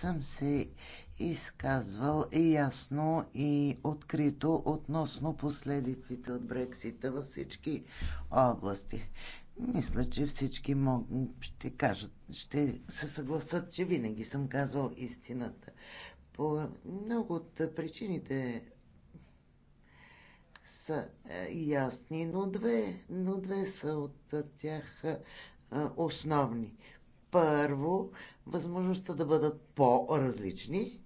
съм се изказвал и ясно и открито относно последиците от Брексита във всички области. Мисля, че всички мог... ще кажат, ще се съгласат, че винаги съм казвал истината. По много от причините са е, ясни, но две, но две са от е, тях е, основни. Първо, възможността да бъдат по-различни,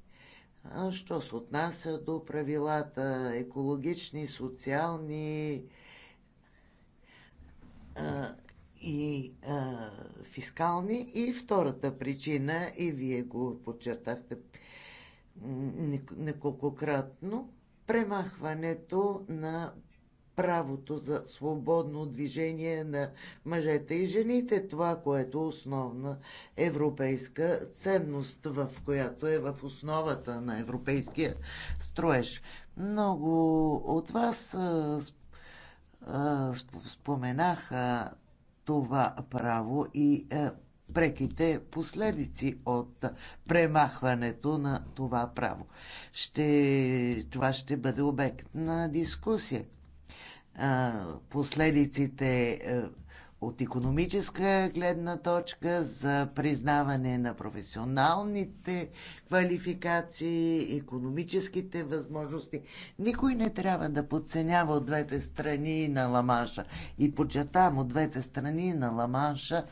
що се отнася до правилата екологични, социални и фискални. И втората причина, и вие го подчертахте неколкократно, премахването на правото за свободно движение на мъжете и жените. Това, което е основна европейска ценност, в която е в основата на европейския строеж. Много от вас а, а, споменаха това право и а, преките последици от премахването на това право. Ще, това ще бъде обект на дискусия последиците от економическа гледна точка за признаване на професионалните квалификации, економическите възможности. Никой не трябва да подценява от двете страни на Ламанша. И подчертавам от двете страни на Ламанша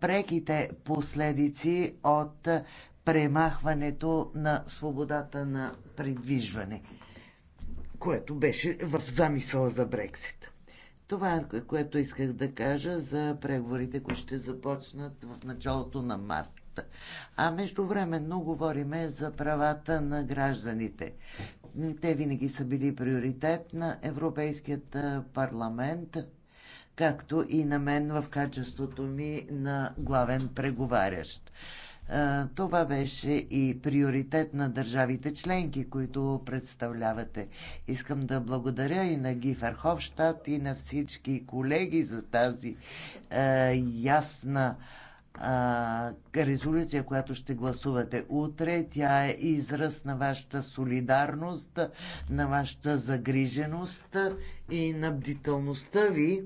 преките последици от премахването на свободата на придвижване което беше в замисъла за Брексит. Това е което исках да кажа за преговорите, които ще започнат в началото на март. А междувременно говориме за правата на гражданите. Те винаги са били приоритет на Европейският парламент, както и на мен в качеството ми на главен преговарящ. Е, това беше и приоритет на държавите членки, които представлявате. Искам да благодаря и на Гифер Ховштадт и на всички колеги за тази е, ясна е, резолюция, която ще гласувате утре. Тя е израз на вашата солидарност, на вашата загриженост и на бдителността ви е,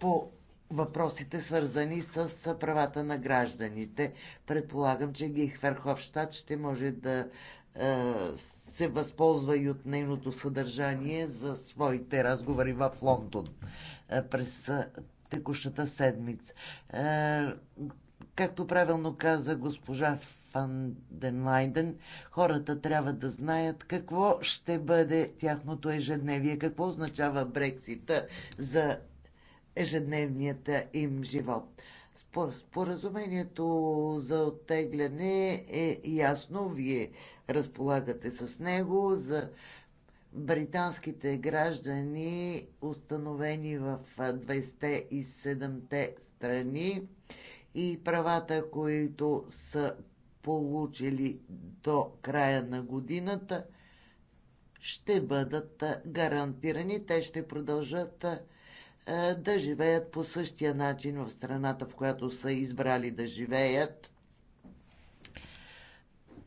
по въпросите, свързани с правата на гражданите. Предполагам, че Гих Верховщад ще може да е, се възползва и от нейното съдържание за своите разговори в Лондон е, през е, текущата седмица. Както правилно каза госпожа Фан Денлайден, хората трябва да знаят какво ще бъде тяхното ежедневие, какво означава Брексита за ежедневният им живот. Споразумението за оттегляне е ясно, вие разполагате с него за британските граждани, установени в 27-те страни и правата, които са получили до края на годината, ще бъдат гарантирани. Те ще продължат е, да живеят по същия начин в страната, в която са избрали да живеят,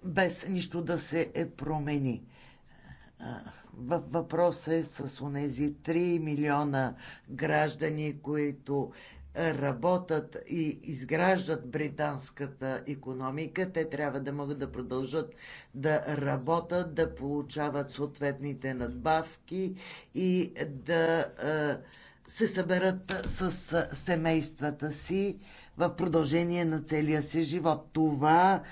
без нищо да се е промени. Е, Въпросът е с онези 3 милиона граждани, които е, работят и изграждат британската економика, те трябва да могат да продължат да работят, да получават съответните надбавки и да е, се съберат с семействата си в продължение на целия си живот. Това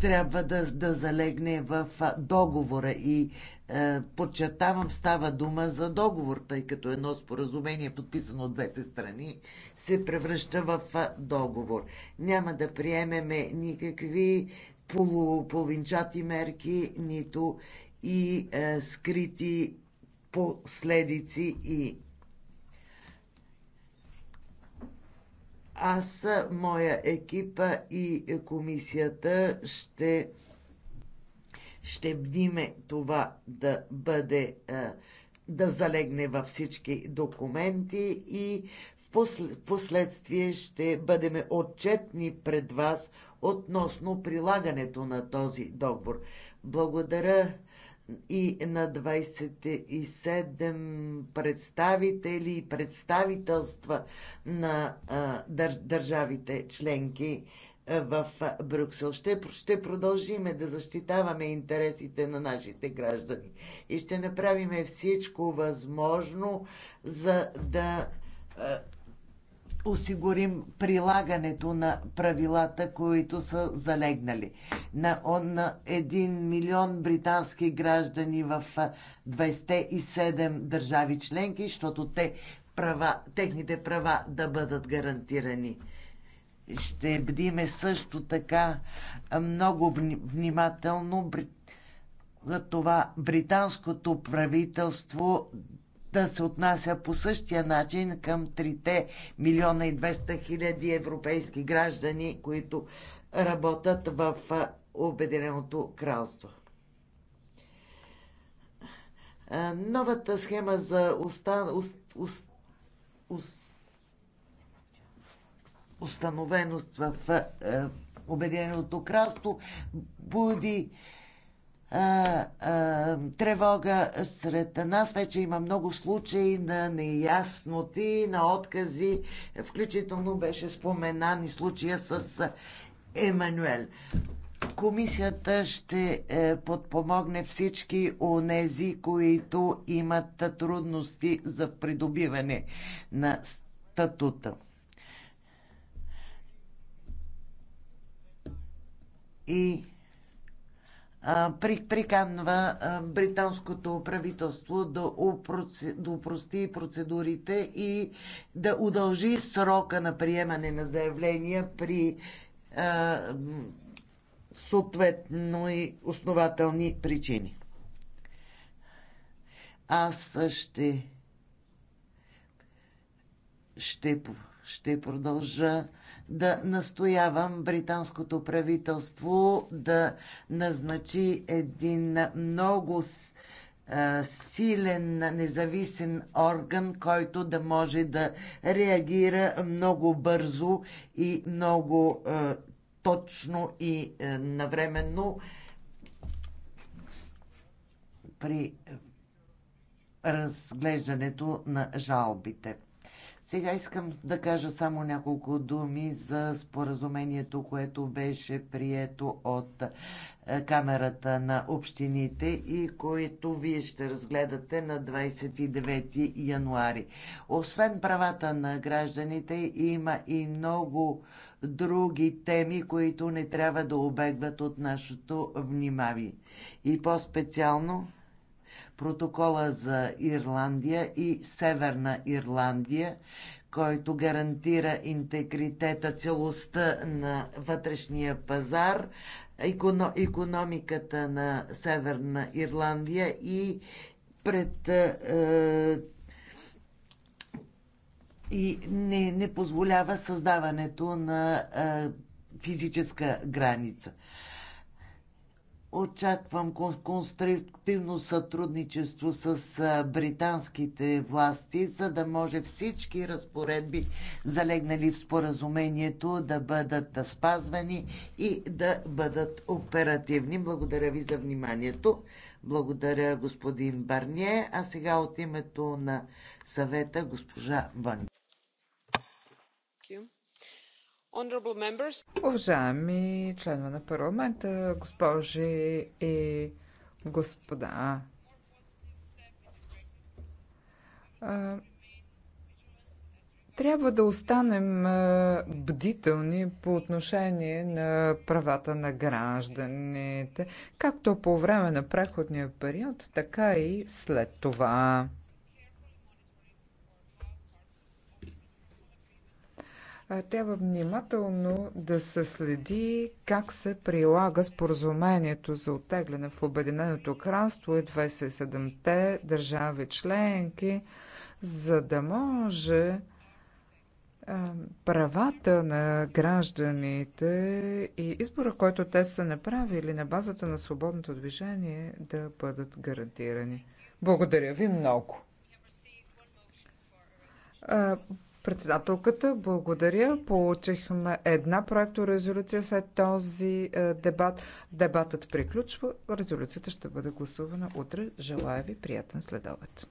трябва да, да залегне в договора и е, подчертавам, става дума за договор, тъй като едно споразумение, подписано от двете страни, се превръща в договор. Няма да приемеме никакви полу, половинчати мерки, нито и е, скрити последици и аз, моя екипа и комисията ще ще бдиме това да бъде е, да залегне във всички документи и в последствие ще бъдем отчетни пред вас относно прилагането на този договор. Благодаря и на 27 представители и представителства на държавите членки в Брюксел. Ще, ще продължиме да защитаваме интересите на нашите граждани и ще направим всичко възможно, за да осигурим прилагането на правилата, които са залегнали. На, на 1 милион британски граждани в 27 държави членки, защото те права, техните права да бъдат гарантирани. Ще бдиме също така много внимателно за това британското правителство да се отнася по същия начин към 3 милиона и 200 хиляди европейски граждани, които работят в Обединеното кралство. Новата схема за уста, уст, уст, установеност в Обединеното кралство буди а, а, тревога сред нас. Вече има много случаи на неясноти, на откази. Включително беше споменан и случая с Емануел. Комисията ще е, подпомогне всички онези, които имат трудности за придобиване на статута. И приканва британското правителство да, да упрости процедурите и да удължи срока на приемане на заявления при а, съответно и основателни причини. Аз ще ще, ще продължа да настоявам британското правителство да назначи един много силен независим орган, който да може да реагира много бързо и много е, точно и е, навременно при разглеждането на жалбите. Сега искам да кажа само няколко думи за споразумението, което беше прието от е, Камерата на общините и което вие ще разгледате на 29 януари. Освен правата на гражданите, има и много други теми, които не трябва да обегват от нашето внимание. И по-специално протокола за Ирландия и Северна Ирландия, който гарантира интегритета, целостта на вътрешния пазар, економ, економиката на Северна Ирландия и пред е, и не, не позволява създаването на е, физическа граница. Очаквам конструктивно сътрудничество с британските власти, за да може всички разпоредби, залегнали в споразумението, да бъдат спазвани и да бъдат оперативни. Благодаря ви за вниманието. Благодаря господин Барние. А сега от името на съвета госпожа Ванга. Уважаеми членове на парламента, госпожи и господа, трябва да останем бдителни по отношение на правата на гражданите, както по време на преходния период, така и след това. трябва внимателно да се следи как се прилага споразумението за оттегляне в Обединеното кралство и 27-те държави членки, за да може правата на гражданите и избора, който те са направили на базата на свободното движение, да бъдат гарантирани. Благодаря ви много Председателката, благодаря. Получихме една резолюция след този е, дебат. Дебатът приключва. Резолюцията ще бъде гласувана утре. Желая ви приятен следобед.